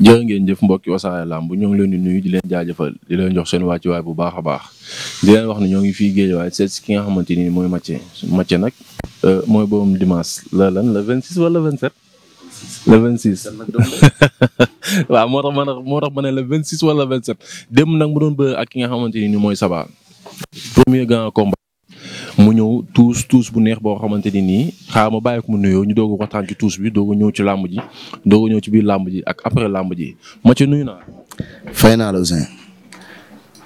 jërë ngeen jëf mbokki Wassare Lamb ñoo ngi leen di nuyu di leen jaajëfal di leen jox seen wàccuwaay bu baax a baax di leen wax na ñoo ngi fii géejawaay seet si ki nga xamante ni mooy Mathieu Mathieu nag euh, mooy boobu dimanche la lan le 26 wala le 27. le 26 waaw moo tax ma ne moo tax ma ne le 26 wala le 27 démb nag mu doon bëre ak ki nga xamante ni mooy Saba premier grand combat. mu ñëw tuus tuus bu neex boo xamante ni nii xaaral ma bàyyi ko mu ñu doog a waxtaan ci tuus bi doog ñëw ci làmb ji doog ñëw ci biir làmb ji ak après làmb ji ma nuyu naa. fay naa la Ousseyn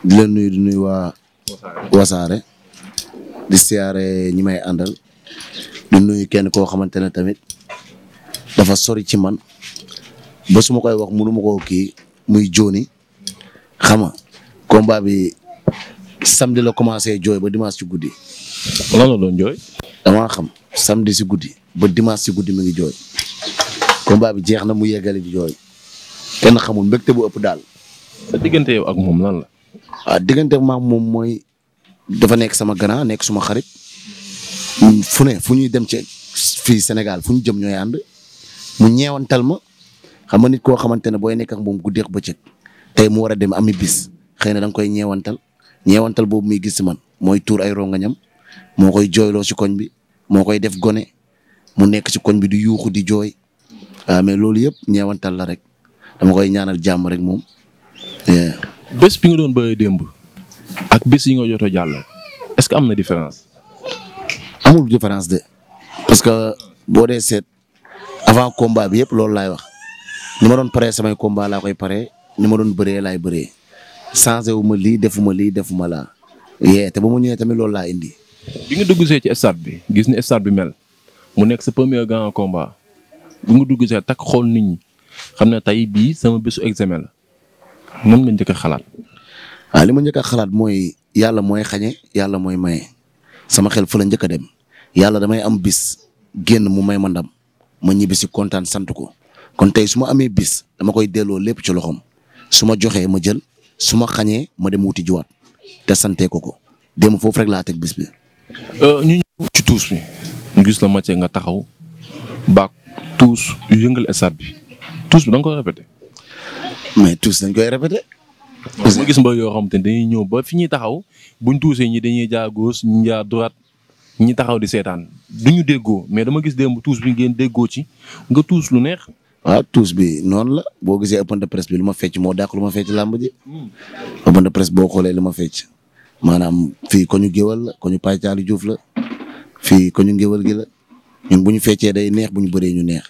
di la nuyu di nuyu waa. wasaare di ñi may àndal. di nuyu kenn koo xamante ne tamit dafa sori ci man ba suma koy wax mënu ma koo kii muy jooni xam nga combat bi samedi la commencé jooy ba dimanche ci guddi. lan la doon jooy. damaa xam samedi si guddi ba dimanche si guddi mi ngi jooy. combat bi jeex na mu yeggale di jooy. kenn xamul mbégte bu ëpp daal. sa diggante yow ak moom lan la. ah diggante maam moom mooy dafa nekk sama grand nekk suma xarit mm, fu fu ñuy dem ci fii Sénégal fu ñu jëm ñooy ànd mu ñeewantal ma xam nga nit koo xamante ne booy nekk ak moom guddeex bëccëg tey mu war a dem ami bis xëy na da koy ñeewantal ñewantal boobu muy gis man mooy tuur ay rongañam moo koy jooyloo ci koñ bi moo koy def gone mu nekk ci koñ bi di yuuxu di jooy waaw ah, mais loolu yëpp ñeewantal la rek dama koy ñaanal jàmm rek moom. bés bi nga doon bëre démb ak bés yi nga jot jàll est-ce que am na différence. amul différence de parce que boo dee seet avant combat bi yëpp loolu laay wax ni ma doon paree samay combat laa koy paree ni ma doon bëree laay bëree changé wu ma lii defu ma lii defu ma laa yee te ba mu ñëwee tamit loolu laa indi. bi nga dugg see ci stade bi gis ni stade bi mel mu nekk sa premier grand komba bi nga dugg see takk xool nit ñi xam ne tey bii sama bisu examen la nan nga njëkk xalaat. waaw li ma njëkk a xalaat mooy yàlla mooy xañe yàlla mooy maye sama xel fa la njëkk a dem yàlla damay am bis génn mu may ma ndam ma ñibbisi kontaan sant ko kon tey su ma amee bis dama koy delloo lépp ci loxoom su ma joxee ma jël suma xañee ma dem wuti juwaat te santee ko ko dem foofu rek laa teg bis bi. Euh, ñu ñëw ci tuus bi ñu gis la Mathieu nga taxaw baak tuus yu yëngal stade bi tuus bi da nga koy répété. mais tuus dañ koy répété. parce que ma gis mbër yoo xam te dañuy ñëw ba fi ñuy taxaw buñ tuusee ñi dañuy jaar gauche ñu jaar droite ñi taxaw di seetaan duñu déggoo mais dama gis bu tuus bi ngeen déggoo ci nga tuus lu neex. waaw ah, tuus bi noonu la boo gisee open de presse bi lu ma fecc moo dàq lu ma fecc làmb ji. open de presse boo xoolee lu ma fecc maanaam fii ko ñu géwal la ko ñu pàccaali juuf la fii ko ñu géwal gi la ñun bu ñu feccee day neex bu ñu bëree ñu neex.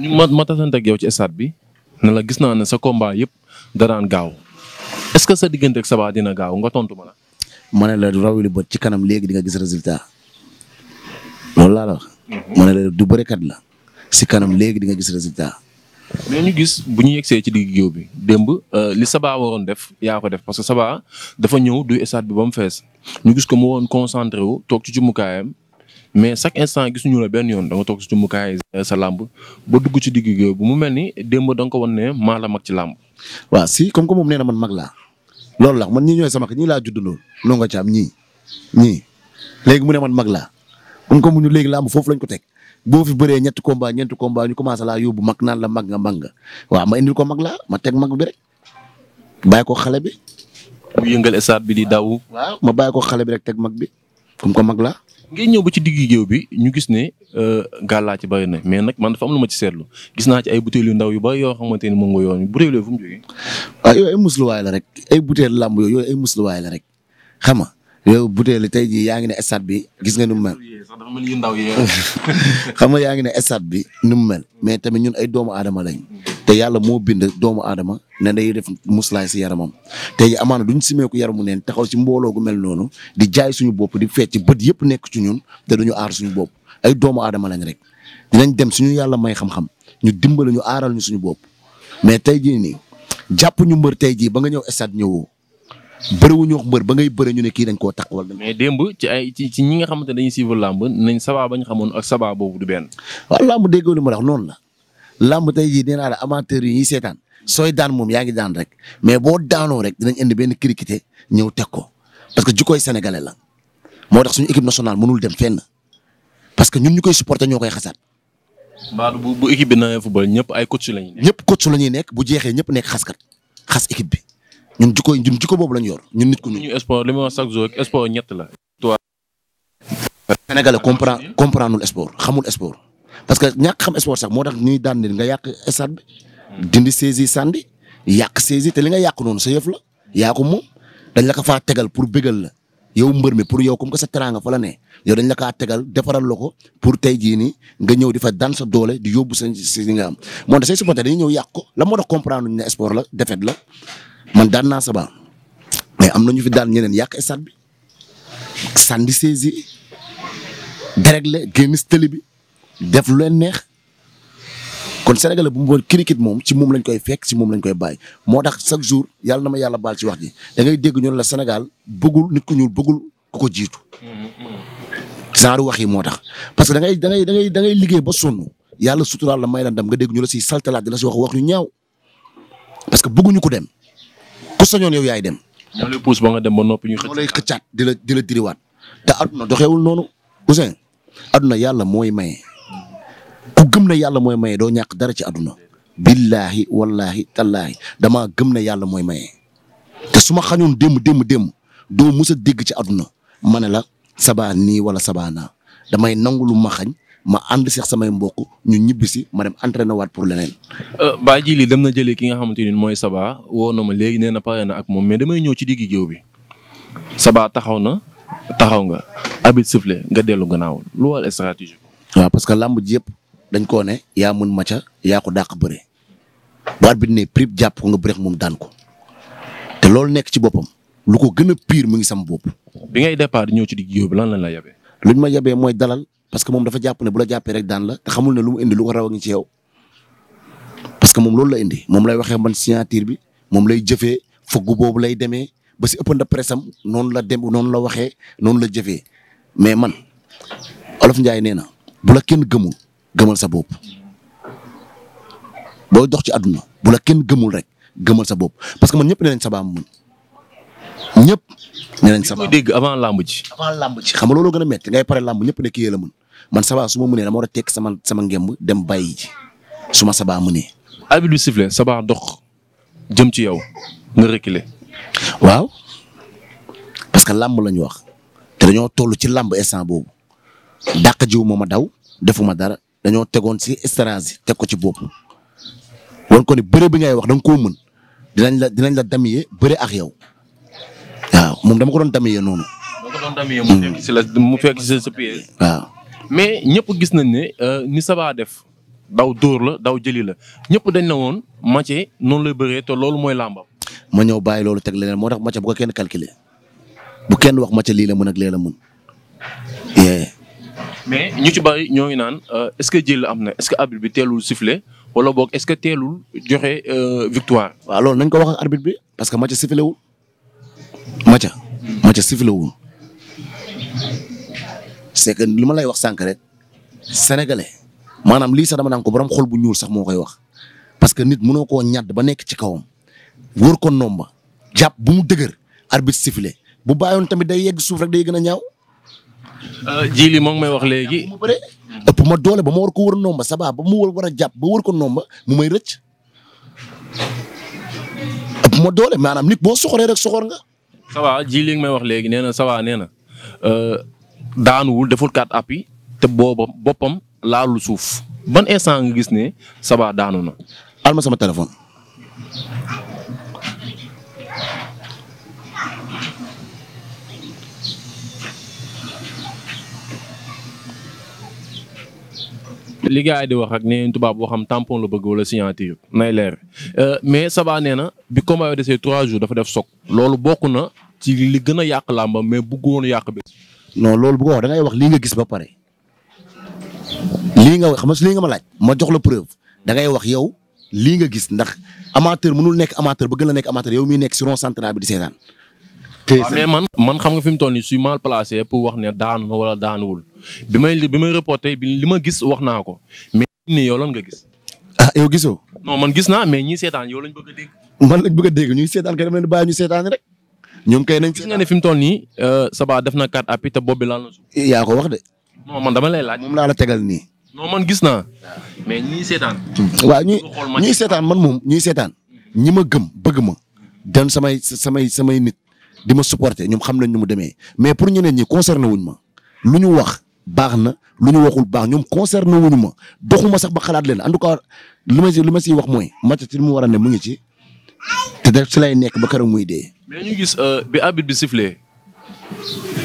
ñu ma ma ci stade bi na la gis naa ne sa combat yëpp danaan gaaw est-ce que sa diggante ak Saba gaaw nga tontu ma la. ma ne la rawuli bët ci kanam léegi di nga gis résultat loolu laa la wax. Mhm. ne la du bërekat la si kanam léegi di nga gis résultat. mais ñu gis bu ñu yegsee ci digg géew bi démb euh, li Saba waroon def yaa ko def parce que Saba dafa ñëw du stade bi ba mu fees ñu gis ko mu woon concentré wu toog ci jumukaayam mais chaque instant gisuñu la benn yoon da nga toog ci jumukaay euh, sa làmb ba dugg ci digg géew bi mu mel ni démb da nga ko wan ne maa la mag ci làmb. waaw si comme que moom nee man mag laa loolu la man ñii ñooy sama ñii laa judd lool noo nga ci am ñii ñii léegi mu ne man mag la comme que mu ñu léegi foofu lañ ko teg. boo fi bëree ñetti combat ñeenti combat ñu commencé laa yóbbu mag naan la mag nga mag nga waaw ma indil ko mag laa ma teg mag bi rek bàyyi ko xale bi. mu yëngal stade bi di daw. waaw ma bàyyi ko xale bi rek teg mag bi comme ko mag laa. ngay ñëw ba ci digg géew bi ñu gis ne euh, gàllaa ci bari na mais nag man dafa am lu ma ci seetlu gis naa ci ay butéel yu ndaw yu ba yoo xamante ni moom nga yoon butéel yooyu fu mu jógee. waaw ah, yooyu ay musluwaay la rek ay butéel làmb yooyu ay musluwaay la rek xam nga yow butéeli tey jii yaa ngi ne stade bi gis nga nu mu mel. xam nga yaa ngi ne stade bi nu mu mel mais tamit ñun ay doomu aadama lañ. te yàlla moo bind doomu aadama ne day def muslaay si yaramam tey jii amaana duñ simeeku yaramu neen taxaw si mbooloo gu mel noonu di jaay suñu bopp di fecc bët yëpp nekk ci ñun te duñu aar suñu bopp ay doomu aadama lañ rek. dinañ dem suñu yàlla may xam-xam ñu dimbali ñu aaral ñu suñu bopp mais tey jii nii jàpp ñu mbër tey jii ba nga ñëw stade ñëwoo. bëriwuñu wax ba ngay bëri ñu ne kii dañ koo takk wala mais démb ci ay ci ñi nga xamante ne dañuy suivre làmb nañ sabaa bañ xamoon ak sabaa boobu du benn. waaw làmb déggoo li ma wax noonu la làmb tey ji nee naa la amateur yi ñuy seetaan sooy daan moom yaa ngi daan rek mais boo daanoo rek dinañ indi benn criqueté ñëw teg ko parce que jukkooy sénégalais la moo tax suñu équipe nationale mënul dem fenn parce que ñun ñu koy supporter ñoo koy xasaat. Mbadou bu bu équipe bi na football ñëpp ay coach la ñëpp coach la ñuy nekk bu jeexee ñëpp nekk xaskat xas équipe bi ñun jikko ñun jikko boobu lañ yor ñun nit ku ñu. ñu sport li ma wax chaque jour sport ñett la. toi. comprend comprendre lul sport xamul sport parce que ñàkk xam sport sax moo tax ñuy daan nga yàq stade dindi saisi sandi yàq saisi te li nga yàq noonu sa yëf la yaa ko moom dañ la ko faa tegal pour bégal la yow mbër mi pour yow comme sa teraanga fa la ne yow dañ la kaa tegal defaral la ko pour tey jii nii nga ñëw di fa daan sa doole di yóbbu sa si nga am moo tax say supporter dañuy ñëw yàq ko la moo tax comprendre ñu ne la défaite la man daan naa Saba mais am na ñu fi daan ñeneen yàq stade bi sànni saisi dérégle génn télé bi def leen neex kon Sénégalais bu mu bon cricket moom ci moom lañ koy fekk si moom lañ koy bàyyi moo tax chaque jour yàlla na ma yàlla baal ci wax ji da ngay dégg ñoom la Sénégal bëggul nit ku ñuul bëggul ku ko jiitu. genre wax yi moo tax parce que da ngay da ngay da ngay da ngay liggéey ba sonn yàlla suturaal la may la ndam nga dégg ñu la siy saltalaat di la si wax wax ñu ñaaw parce que bëgguñu ko dem. sañoon yow yaay dem. ñoo lay pousse ba nga dem ba noppi ñu. xëcc ñoo lay xëccaat di la di la diriwaat te aduna doxewul noonu Ouzin aduna yàlla mooy maye ku gëm na yàlla mooy maye doo ñàkk dara ci aduna. billahi wallahi tallahi damaa gëm na yàlla mooy maye te su ma xañoon démb démb démb doo musa a dégg ci aduna ma ne la sabaa nii wala sabaa naa damay nangu lu ma xañ ma ànd seex samay mbokk ñu ñibbi si ma dem entraîné waat pour leneen. Euh, Baye Djily dem na jëlee ki nga xamante ni mooy Saba woo na ma léegi nee na pare na ak moom mais damay ñëw ci diggi géew bi Saba taxaw na taxaw nga abit sifle nga dellu gannaaw lu wal parce que làmb ji yëpp dañ koo ne yaa mën maca yaa ko dàq bëre bu arbitre ne prip jàpp ko nga moom daan ko te loolu nekk ci boppam lu ko gën a pire mu ngi sam bopp. bi ngay départ ñëw ci digg géew lan la yabee. luñ ma yabee mooy dalal parce que moom dafa jàpp ne bu la jàppee rek daan la te xamul ne lu mu indi lu ko raw a ngi ci parce que moom loolu la indi moom lay waxee man signature bi moom lay jëfee foggu boobu lay demee ba si ëppanda sam noonu la dem noonu la waxee noonu la jëfee mais man Olof njaay nee na bu la kenn gëmul gëmal sa bopp boo dox ci àdduna bu la kenn gëmul rek gëmal sa bopp parce que man ñëpp ne nañ sa baam ñëpp ne nañ Saba dégg avant lamb ji. avant xam nga loolu gën a métti ngay pare lamb ñëpp ne kii la mën man Saba suma ma mënee dama war a sama sama ngemb dem bay ji su ma Saba mënee. arbitre bi sifflé Saba dox jëm ci yow nga reculer. waaw parce que lamb la ñu wax te dañoo toll ci lamb instant boobu dàq jiw moo ma daw ma dara dañoo tegoon si stratégie teg ko ci bopp won ko ni bëre bi ngay wax da nga koo dinañ la dinañ la damyee bëre ak yow. moom dama ko doon damiyee noonu. dama ko doon damiyee mu fekk si la si sa waaw mais ñëpp gis nañ ne euh, ni Saba def daw dóor la daw jëli la ñëpp dañ ne woon Mathieu noonu lay bëree te loolu mooy làmbam. ma ñëw bàyyi loolu teg leneen moo tax Mathieu bu kenn calculer bu kenn wax Mathieu lii la mën ak lee la mën. mais ñu ci bari ñoo ngi naan euh, est-ce que jël am na est-ce que arbitre bi teelul sifflé wala boog est-ce que teelul joxe euh, victoire. waaw loolu nañ ko wax ak arbitre bi parce que Mathieu sifflé wul Mathia. Mathia sifflé wul c'est que li ma lay wax sànq rek sénégalais maanaam lii sax dama naan ko borom xol bu ñuul sax moo koy wax parce que nit mënoo koo ñàdd ba nekk ci kawam wër ko nomba jàpp bu mu dëgër arbitre sifflé bu bàyyoon tamit day yegg suuf rek day gën a ñaaw. Euh, Jili moo ngi may wax léegi. ëpp ma doole ba ma war ko wër nomba sabaa ba mu war a jàpp ba wër ko nomba mu may rëcc ëpp ma doole maanaam nit boo soxoree rek soxor sawa jii li may wax léegi nee na sawa na euh, daanuwul deful quatre appuis te boobam boppam laalu suuf ban instant nga gis ne sawa daanu na. alma sama téléphone. li di wax ak nee tubaab boo xam tampon la bëgg wala signature nay leer euh, mais Saba nee na bi combat desee trois jours dafa def soog loolu bokk na ci li gën a yàq làmbam mais bëggu woon yàq bi. non loolu bu ko wax da ngay wax lii nga gis ba pare lii nga xam nga lii nga ma laaj ma jox la preuve da ngay wax yow lii nga gis ndax amateur mënul nekk amateur ba gën nekk amateur yow miy nekk si rond central bi di seetaan. Ah, mais man man xam nga fi mu toll nii je suis mal placé pour wax ne daan na wala daanuwul bi may bi may reporté bi li ma gis wax naa ko mais ni yow lan nga gis. ah yow gisoo. non man gis naa mais ñii seetaan yow lañ bëgg a dégg. man lañ bëgg a dégg ñuy ñu seetaan rek. ñoom kay nañ. gis nga ne fi mu toll nii. Euh, Saba def na carte appui te bopp bi laal na suuf. yaa ko wax de. man dama lay laaj. moom laa la tegal nii. non man gis naa. mais ñii seetaan. waaw ñii seetaan man moom ñii seetaan. ñi ma gëm bëgg ma. dan samay samay samay nit. di ma supporter ñoom xam nañ ñu mu demee mais pour ñeneen ñi concerné wuñ ma lu ñu wax baax na lu ñu waxul baax ñoom concerné wuñu ma doxuma sax ba xalaat leen en tout cas li ma si li ma siy wax mooy. Mathieu ci li mu war a ne mu ngi ci te def si lay nekk ba keroog muy dee. mais ñu gis euh, bi arbitre bi sifflé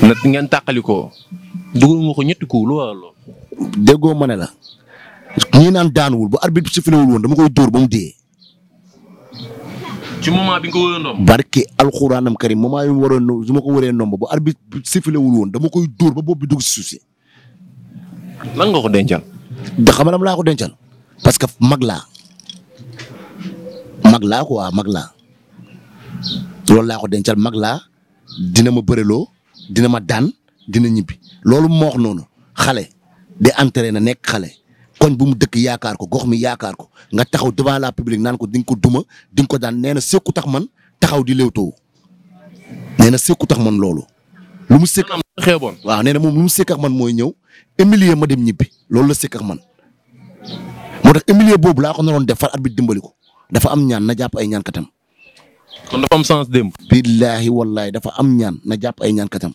na ngeen tàqalikoo dugal ma ko ñetti coup lu waral lool. ma ne la ñi naan daanuwul bu arbitre bi sifflé wul woon dama koy duur ba mu dee. ci moment bi nga ko wëree ndomb. barke alxuraanam karim moment yu mu waroon noo su ma ko wëree ndomb bu arbitre bi sifflé wul woon dama koy duur ba bopp bi dugg si suuf si. lan ko dencal. da xam laa ko dencal. parce que mag laa. mag laa quoi mag laa. loolu laa ko dencal mag laa dina ma bëreloo dina ma daan dina ñibbi loolu moo noonu xale day entraîné na nekk xale koñ bu mu dëkk yaakaar ko gox mi yaakaar ko nga taxaw devant la public naan ko di ko duma di ko daan nee na sekku tax man taxaw di léewtoo nee na sekku tax man loolu. lu mu sekk am xeeboon waaw nee na moom lu mu man mooy ñëw humilier ma dem ñibbi loolu la sekk man moo tax humilier boobu laa ko naroon def far at bi dimbali ko dafa am ñaan na jàpp ay ñaan katam. kon dafa am sens démb. billaahi wallaahi dafa am ñaan na jàpp ay ñaan katam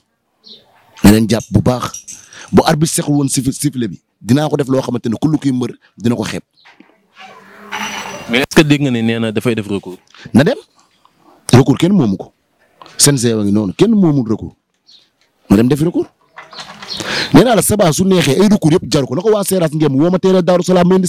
na leen jàpp bu baax bu arbitre sequl woon sifflet bi dinaa ko def loo xamante ne kullu kuy mbër dina ko xeeb. mais est-ce que nga ne nee na dafay def recours. na dem recours kenn moomu ko seen seewa ngi noonu kenn moomul recours na dem def recours nee naa la sabaa su neexee ay recours yëpp jaru ko na ko waa Seeraas ngeen woo ma teelee Daaru Salaam Mendy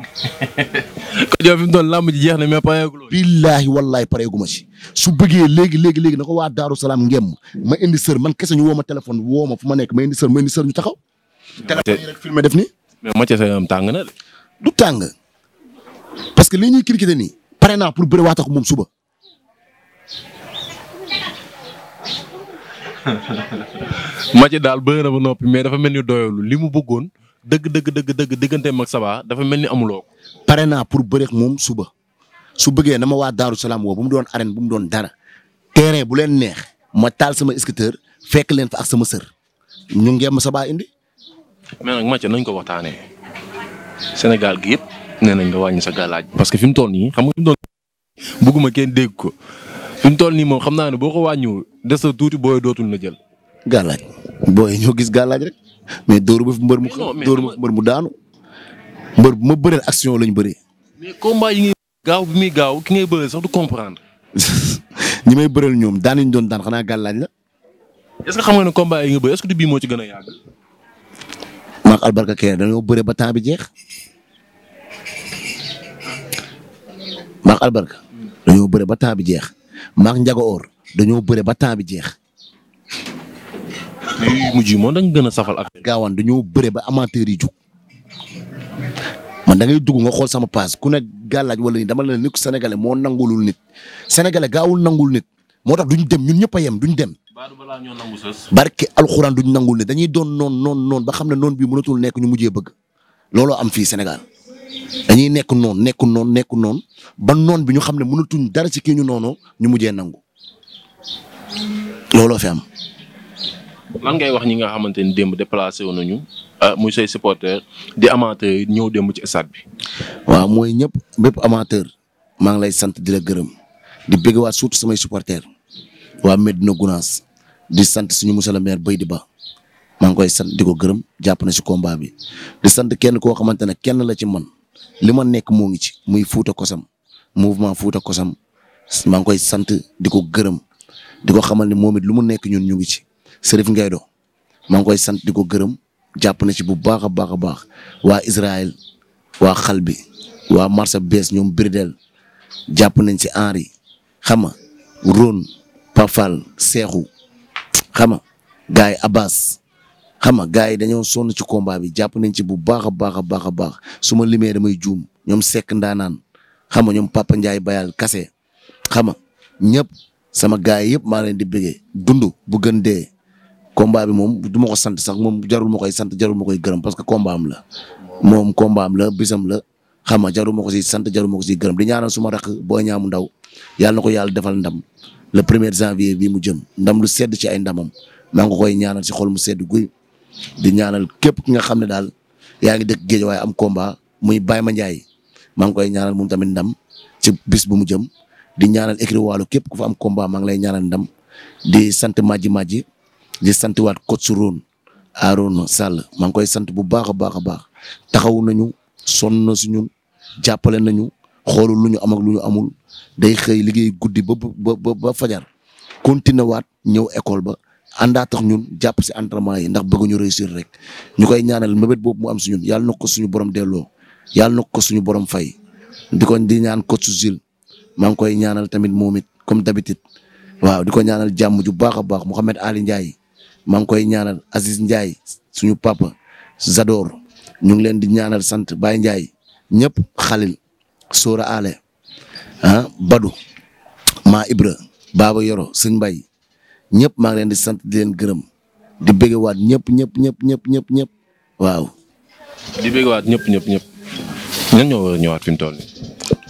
kon yow fi mu doon làmb ji jeex na mais pareeguloo. billaahi wallaahi pareegu ma ci su bëggee léegi léegi léegi na ko waa Daaru Salaam ngem ma indi sër man kese ñu woo ma téléphone woo ma fu ma nekk ma indi sër ma indi sër ñu taxaw. téléphone yi def ni mais ma ca sa tàng na de. du tàng parce que li ñuy critiquer nii pare naa pour bëre waat ak moom suba. ma daal bëri ba noppi mais dafa mel ni doyul li mu bëggoon. dëgg dëgg dëgg dëgg digganteem ak sabaa dafa mel ni amuloo ko. pare naa pour bëreek moom suba su bëggee na ma waa Daaru Salaam woo bu mu doon arène bu mu doon dara terrain bu leen neex ma taal sama scooter fekk leen fa ak sama sër ñu ngeem ma Saba indi. mais nag Mathieu nañ ko waxtaanee Sénégal gi yëpp nee nañ nga wàññi sa galaaj parce que fi mu toll nii xam nga fi bëgguma kenn dégg ko fi mu nii moom xam naa ne boo ko wàññiwul des na tuuti booy dootul na jël. galaaj booy ñoo gis galaaj mais dóor bu mbër mu. mu mbër daanu. mbër bu ma bëreel action lañ bëree. mais combat yi ngay gaaw bi muy gaaw ki ngay bëreel sax du comprendre. ñi may bëreel ñoom daan nañ doon daan xanaa gàllaaj la. est ce que xam nga ne combat yi nga bëri est ce du bii moo ci gën a yàgg. maak albarka kee dañoo bëre ba temps bi jeex. maak dañoo bëre ba temps bi jeex. maak njaga oor dañoo bëre ba temps bi jeex. yu mujj yi moom dañ gën a safal ak. gaawan dañoo bëre ba amateur yi jug man da ngay dugg nga xool sama paas ku ne gàllaaj wala ni dama la ne ni moo nangulul nit sénégalais gaawul nangul nit moo tax duñ dem ñu ñëpp yem duñ dem. barke alxuraan duñ nangul nit dañuy doon noon noon noon ba xam ne noon bii mënatul nekk ñu mujjee bëgg looloo am fii senegal dañuy nekk noon nekk noon nekk noon ba noon bi ñu xam ne mënatuñ dara ci kii ñu noonu ñu mujjee nangu looloo fi am. lan ngay wax ñi nga xamante ni démb déplacé wu nañu ah, muy say supporter di amateur ñëw démb ci stade bi. waaw mooy ñëpp bépp amateur maa ngi lay sant di la gërëm di bëgg waa surtout samay supporter waa Medina Gounass di sant suñu monsieur le maire Baydi Ba maa ngi koy sant di ko gërëm jàpp na si combat bi di sant kenn koo xamante ne kenn la ci man li ma nekk moo ngi ci muy Fouta Kosam mouvement Fouta Kosam maa ngi koy sant di ko gërëm di ko xamal ne moom it lu mu nekk ñun ñu ngi ci. Serif Ngaydo maa ngi koy sant di ko gërëm jàpp na ci bu baax a baax a baax waa Israël waa xal bi waa marché bees ñoom Birdel jàpp nañ ci Henri xam nga Ron Pafal Seexu xam nga gars yi Abbas xam nga gars yi dañoo sonn ci combat bi jàpp nañ ci bu baax a baax a baax a baax su ma limee damay juum ñoom Seck Ndaanaan xam ñoom Papa Ndiaye Bayal Kase xam nga ñëpp sama gars yi yëpp maa leen di bëggee dund bu gën combat bi moom du ma ko sant sax moom jarul ma koy sant jarul koy gërëm parce que combat am la moom combat am la bisam la xam nga jarul ma ko si sant jarul ko si gërëm di ñaanal suma rakk Boy Niang mu ndaw yàlla na ko yàlla defal ndam le premier janvier bi mu jëm ndam lu sedd ci ay ndamam maa ngi koy ñaanal si xol mu sedd guy di ñaanal képp ki nga xam ne daal yaa ngi dëkk géej waaye am combat muy Baye Ma Ndiaye maa ngi koy ñaanal moom tamit ndam ci bis mu jëm di ñaanal écrit waalo képp ku fa am combat maa ngi lay ñaanal ndam di sant Madji Madji di santwaat coach Roon Arona Sall maa ngi koy sant bu baax a baax a baax taxawu nañu sonn na si ñun jàppale nañu xoolu lu ñu am ak lu ñu amul day xëy liggéey guddi ba ba ba fajar continué waat ñëw école ba àndaa tax ñun jàpp si entraînement yi ndax ñu réussir rek ñu koy ñaanal mébét boobu mu am si ñun yàlla na ko suñu borom delloo yàlla na ko suñu borom fay di ko di ñaan coach Jules maa ngi koy ñaanal tamit moom it comme d'habitude waaw di ko ñaanal jàmm ju baax baax Mouhamed Ali Ndiaye maa ngi koy ñaanal Aziz Ndiaye suñu papa Zador ñu ngi leen di ñaanal sant baay Ndiaye ñëpp xalil Sora Ale ah maa Ibra baaba Yoro sëñ Mbay ñëpp maa ngi leen di sant di leen gërëm di bëggewaat ñëpp ñëpp ñëpp ñëpp ñëpp ñëpp waaw. di bëggewaat ñëpp ñëpp ñëpp. ñan ñoo war a ñëwaat fi mu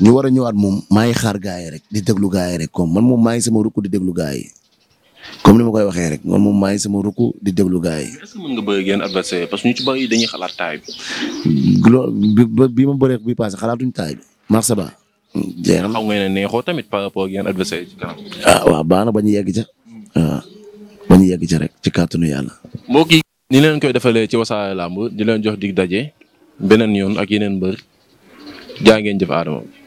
ñu war a ñëwaat moom maa ngi xaar gaa yi rek di déglu gaa yi rek comme man moom maa ngi sama rukk di déglu gaa yi. comme ni ma koy waxee rek man moom maa sama ruku di déglu gars yi. mën nga bëgg ngeen adversaire parce que ñu ci bëri dañuy xalaat taay bi. loolu bi bi ma bëree bi passé xalaatuñ taay bi. marsa ba. jeex na xaw neexoo tamit par rapport ak yéen adversaire ci kanam. ah ba ñu yegg ca. Ah, ñu yegg ca rek ci kàttanu yàlla. mbokk yi ni leen koy defalee ci Wassare Lamb di leen jox dig daje beneen yoon ak yeneen mbër jaa ngeen jëf Adama.